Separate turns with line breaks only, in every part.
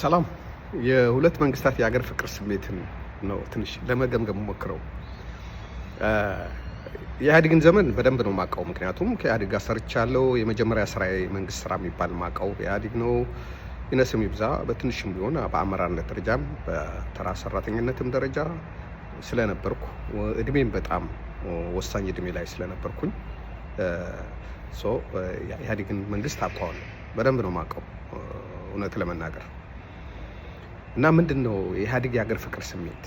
ሰላም የሁለት መንግስታት የሀገር ፍቅር ስሜትን ነው ትንሽ ለመገምገም ሞክረው። የኢህአዴግን ዘመን በደንብ ነው ማቀው ምክንያቱም ከኢህአዴግ ጋር ሰርቻለሁ። የመጀመሪያ ስራ መንግስት ስራ የሚባል ማቀው ኢህአዴግ ነው። ይነስም ይብዛ በትንሽም ቢሆን በአመራርነት ደረጃም በተራ ሰራተኝነትም ደረጃ ስለነበርኩ እድሜም በጣም ወሳኝ እድሜ ላይ ስለነበርኩኝ ኢህአዴግን መንግስት አውቀዋለሁ፣ በደንብ ነው ማቀው እውነት ለመናገር እና ምንድን ነው የኢህአዴግ የሀገር ፍቅር ስሜት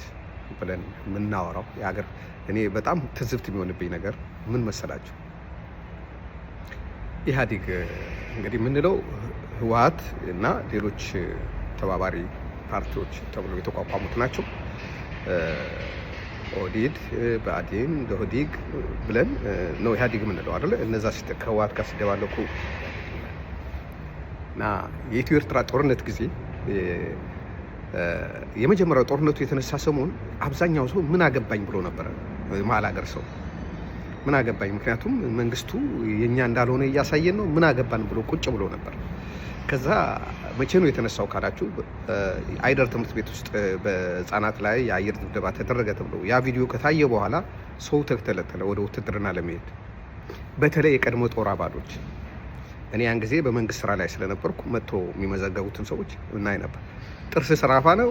ብለን የምናወራው የሀገር እኔ በጣም ትዝብት የሚሆንብኝ ነገር ምን መሰላችሁ? ኢህአዴግ እንግዲህ የምንለው ህወሀት እና ሌሎች ተባባሪ ፓርቲዎች ተብሎ የተቋቋሙት ናቸው። ኦዲድ፣ በአዴን ዶህዲግ ብለን ነው ኢህአዴግ የምንለው አይደለ? እነዛ ከህወሀት ጋር ሲደባለቁ እና የኢትዮ ኤርትራ ጦርነት ጊዜ የመጀመሪያው ጦርነቱ የተነሳ ሰሞን አብዛኛው ሰው ምን አገባኝ ብሎ ነበረ። መሀል ሀገር ሰው ምን አገባኝ፣ ምክንያቱም መንግስቱ የእኛ እንዳልሆነ እያሳየን ነው፣ ምን አገባን ብሎ ቁጭ ብሎ ነበር። ከዛ መቼ ነው የተነሳው ካላችሁ አይደር ትምህርት ቤት ውስጥ በህፃናት ላይ የአየር ድብደባ ተደረገ ተብሎ ያ ቪዲዮ ከታየ በኋላ ሰው ተተለተለ ወደ ውትድርና ለመሄድ በተለይ የቀድሞ ጦር አባሎች እኔ ያን ጊዜ በመንግስት ስራ ላይ ስለነበርኩ መጥቶ የሚመዘገቡትን ሰዎች እናይ ነበር። ጥርስ ስራፋ ነው፣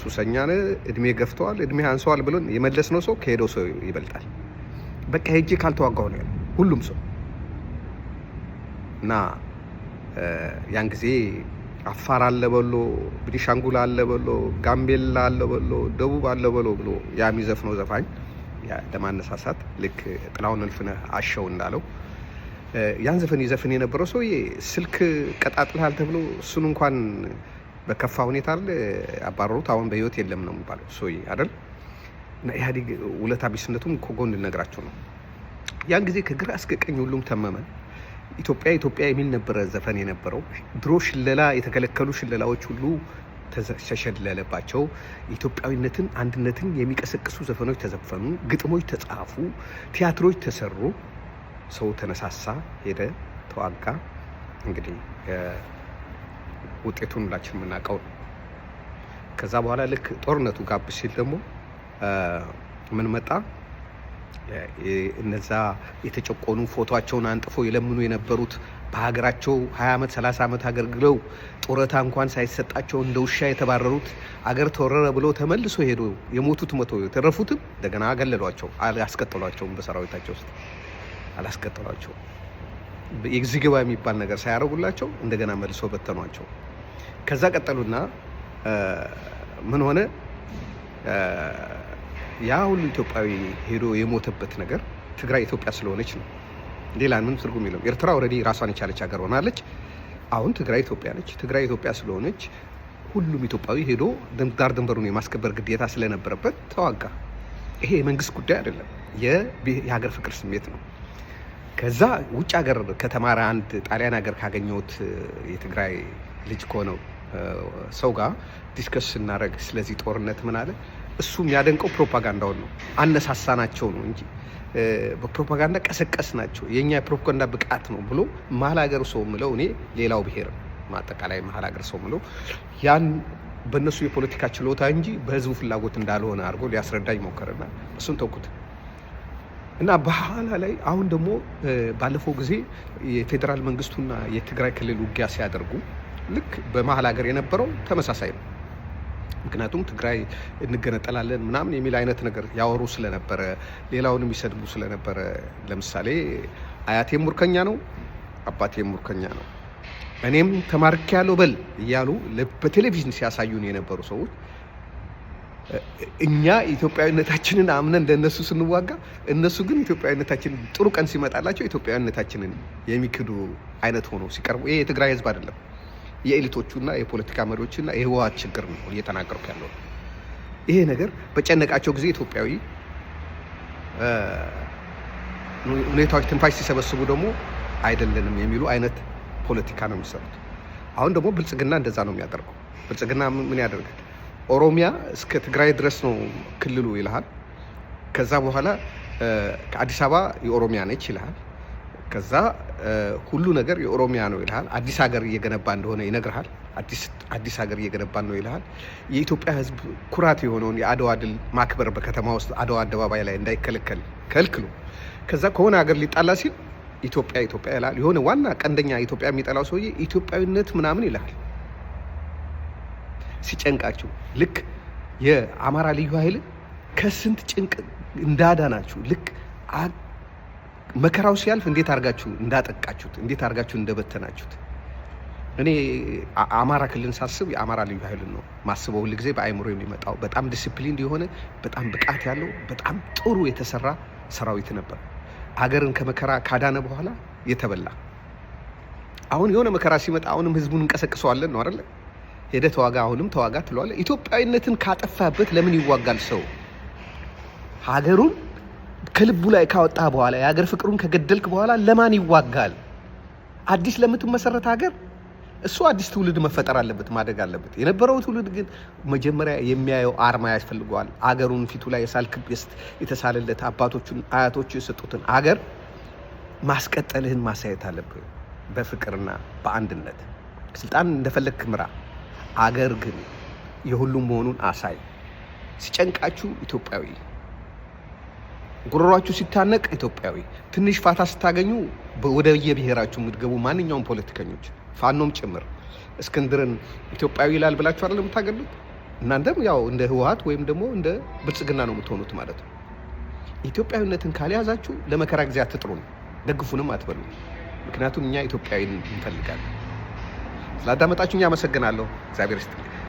ሱሰኛ ነው፣ እድሜ ገፍተዋል፣ እድሜ አንሰዋል የመለስ ነው ሰው ከሄደው ሰው ይበልጣል። በቃ ሄጄ ካልተዋጋሁ ነው ያለ ሁሉም ሰው እና ያን ጊዜ አፋር አለ በሎ ቤኒሻንጉል አለ በሎ ጋምቤላ አለ በሎ ደቡብ አለ በሎ ብሎ ያ የሚዘፍነው ዘፋኝ ለማነሳሳት ልክ ጥላውን እልፍነህ አሸው እንዳለው ያን ዘፈን ይዘፍን የነበረው ሰውዬ ስልክ ቀጣጥልሃል ተብሎ እሱን እንኳን በከፋ ሁኔታ አለ አባረሩት። አሁን በህይወት የለም ነው የሚባለው ሰውዬ አይደል? እና ኢህአዴግ ውለታ ቢስነቱም ከጎን ልነግራቸው ነው። ያን ጊዜ ከግራ እስከ ቀኝ ሁሉም ተመመ። ኢትዮጵያ ኢትዮጵያ የሚል ነበረ ዘፈን የነበረው። ድሮ ሽለላ የተከለከሉ ሽለላዎች ሁሉ ተሸለለባቸው። ኢትዮጵያዊነትን፣ አንድነትን የሚቀሰቅሱ ዘፈኖች ተዘፈኑ፣ ግጥሞች ተጻፉ፣ ቲያትሮች ተሰሩ። ሰው ተነሳሳ፣ ሄደ፣ ተዋጋ። እንግዲህ ውጤቱን ሁላችን የምናውቀው ነው። ከዛ በኋላ ልክ ጦርነቱ ጋብ ሲል ደግሞ ምን መጣ? እነዛ የተጨቆኑ ፎቶቸውን አንጥፎ የለምኑ የነበሩት በሀገራቸው 20 ዓመት 30 ዓመት አገልግለው ጡረታ እንኳን ሳይሰጣቸው እንደ ውሻ የተባረሩት አገር ተወረረ ብለው ተመልሶ ሄዶ የሞቱት መቶ የተረፉትም እንደገና አገለሏቸው፣ አስቀጥሏቸውም በሰራዊታቸው ውስጥ አላስቀጠሏቸው። የጊዜ የሚባል ነገር ሳያደርጉላቸው እንደገና መልሶ በተኗቸው። ከዛ ቀጠሉና ምን ሆነ? ያ ሁሉ ኢትዮጵያዊ ሄዶ የሞተበት ነገር ትግራይ ኢትዮጵያ ስለሆነች ነው። ሌላ ምን ትርጉም የለውም። ኤርትራ ኦልሬዲ ራሷን የቻለች ሀገር ሆናለች። አሁን ትግራይ ኢትዮጵያ ነች። ትግራይ ኢትዮጵያ ስለሆነች ሁሉም ኢትዮጵያዊ ሄዶ ዳር ድንበሩን የማስከበር ግዴታ ስለነበረበት ተዋጋ። ይሄ የመንግስት ጉዳይ አይደለም፣ የሀገር ፍቅር ስሜት ነው። ከዛ ውጭ ሀገር ከተማረ አንድ ጣሊያን ሀገር ካገኘሁት የትግራይ ልጅ ከሆነው ሰው ጋር ዲስከስ ስናደረግ ስለዚህ ጦርነት ምን አለ፣ እሱ የሚያደንቀው ፕሮፓጋንዳውን ነው። አነሳሳ ናቸው ነው እንጂ በፕሮፓጋንዳ ቀሰቀስ ናቸው የእኛ የፕሮፓጋንዳ ብቃት ነው ብሎ መሀል ሀገር ሰው ምለው እኔ ሌላው ብሄር አጠቃላይ መሀል ሀገር ሰው ምለው ያን በእነሱ የፖለቲካ ችሎታ እንጂ በህዝቡ ፍላጎት እንዳልሆነ አድርጎ ሊያስረዳኝ ሞከረና እሱን ተውኩት። እና በኋላ ላይ አሁን ደግሞ ባለፈው ጊዜ የፌዴራል መንግስቱና የትግራይ ክልል ውጊያ ሲያደርጉ ልክ በመሀል ሀገር የነበረው ተመሳሳይ ነው። ምክንያቱም ትግራይ እንገነጠላለን ምናምን የሚል አይነት ነገር ያወሩ ስለነበረ ሌላውን የሚሰድቡ ስለነበረ፣ ለምሳሌ አያቴም ሙርከኛ ነው፣ አባቴም ሙርከኛ ነው፣ እኔም ተማርኬያለሁ በል እያሉ በቴሌቪዥን ሲያሳዩን የነበሩ ሰዎች እኛ ኢትዮጵያዊነታችንን አምነን ለእነሱ ስንዋጋ እነሱ ግን ኢትዮጵያዊነታችንን ጥሩ ቀን ሲመጣላቸው ኢትዮጵያዊነታችንን የሚክዱ አይነት ሆኖ ሲቀርቡ ይሄ የትግራይ ህዝብ አይደለም፣ የኤሊቶቹና የፖለቲካ መሪዎችና የህወሓት ችግር ነው እየተናገሩ ያለው። ይሄ ነገር በጨነቃቸው ጊዜ ኢትዮጵያዊ ሁኔታዎች ትንፋሽ ሲሰበስቡ ደግሞ አይደለንም የሚሉ አይነት ፖለቲካ ነው የሚሰሩት። አሁን ደግሞ ብልጽግና እንደዛ ነው የሚያደርገው። ብልጽግና ምን ያደርጋል? ኦሮሚያ እስከ ትግራይ ድረስ ነው ክልሉ ይልሃል። ከዛ በኋላ ከአዲስ አበባ የኦሮሚያ ነች ይልሃል። ከዛ ሁሉ ነገር የኦሮሚያ ነው ይልሃል። አዲስ ሀገር እየገነባ እንደሆነ ይነግርሃል። አዲስ ሀገር እየገነባ ነው ይልሃል። የኢትዮጵያ ሕዝብ ኩራት የሆነውን የአድዋ ድል ማክበር በከተማ ውስጥ አድዋ አደባባይ ላይ እንዳይከለከል ከልክሉ። ከዛ ከሆነ ሀገር ሊጣላ ሲል ኢትዮጵያ ኢትዮጵያ ይላል። የሆነ ዋና ቀንደኛ ኢትዮጵያ የሚጠላው ሰውዬ ኢትዮጵያዊነት ምናምን ይልሃል። ሲጨንቃችሁ ልክ የአማራ ልዩ ኃይል ከስንት ጭንቅ እንዳዳናችሁ ልክ መከራው ሲያልፍ እንዴት አድርጋችሁ እንዳጠቃችሁት እንዴት አድርጋችሁ እንደበተናችሁት። እኔ አማራ ክልልን ሳስብ የአማራ ልዩ ኃይልን ነው ማስበው። ጊዜ በአይምሮ የሚመጣው በጣም ዲስፕሊን የሆነ በጣም ብቃት ያለው በጣም ጥሩ የተሰራ ሰራዊት ነበር። ሀገርን ከመከራ ካዳነ በኋላ የተበላ አሁን የሆነ መከራ ሲመጣ አሁንም ህዝቡን እንቀሰቅሰዋለን ነው አይደለ? ሄደ ተዋጋ፣ አሁንም ተዋጋ ትለዋለህ። ኢትዮጵያዊነትን ካጠፋበት ለምን ይዋጋል ሰው? ሀገሩን ከልቡ ላይ ካወጣ በኋላ የሀገር ፍቅሩን ከገደልክ በኋላ ለማን ይዋጋል? አዲስ ለምትመሰረት ሀገር እሱ አዲስ ትውልድ መፈጠር አለበት፣ ማደግ አለበት። የነበረው ትውልድ ግን መጀመሪያ የሚያየው አርማ ያስፈልገዋል። አገሩን ፊቱ ላይ የሳልክብስት የተሳለለት አባቶቹን አያቶቹ የሰጡትን አገር ማስቀጠልህን ማሳየት አለብህ። በፍቅርና በአንድነት ስልጣን እንደፈለግክ ምራ። አገር ግን የሁሉም መሆኑን አሳይ። ሲጨንቃችሁ ኢትዮጵያዊ፣ ጉሮሯችሁ ሲታነቅ ኢትዮጵያዊ፣ ትንሽ ፋታ ስታገኙ ወደ የብሔራችሁ የምትገቡ ማንኛውም ፖለቲከኞች ፋኖም ጭምር እስክንድርን ኢትዮጵያዊ ይላል ብላችሁ አይደለም የምታገሉት። እናንተም ያው እንደ ህወሀት ወይም ደግሞ እንደ ብልጽግና ነው የምትሆኑት ማለት ነው። ኢትዮጵያዊነትን ካልያዛችሁ ለመከራ ጊዜ አትጥሩን፣ ደግፉንም አትበሉ። ምክንያቱም እኛ ኢትዮጵያዊን እንፈልጋለን። ስላዳመጣችሁኝ አመሰግናለሁ። እግዚአብሔር ይስጥልኝ።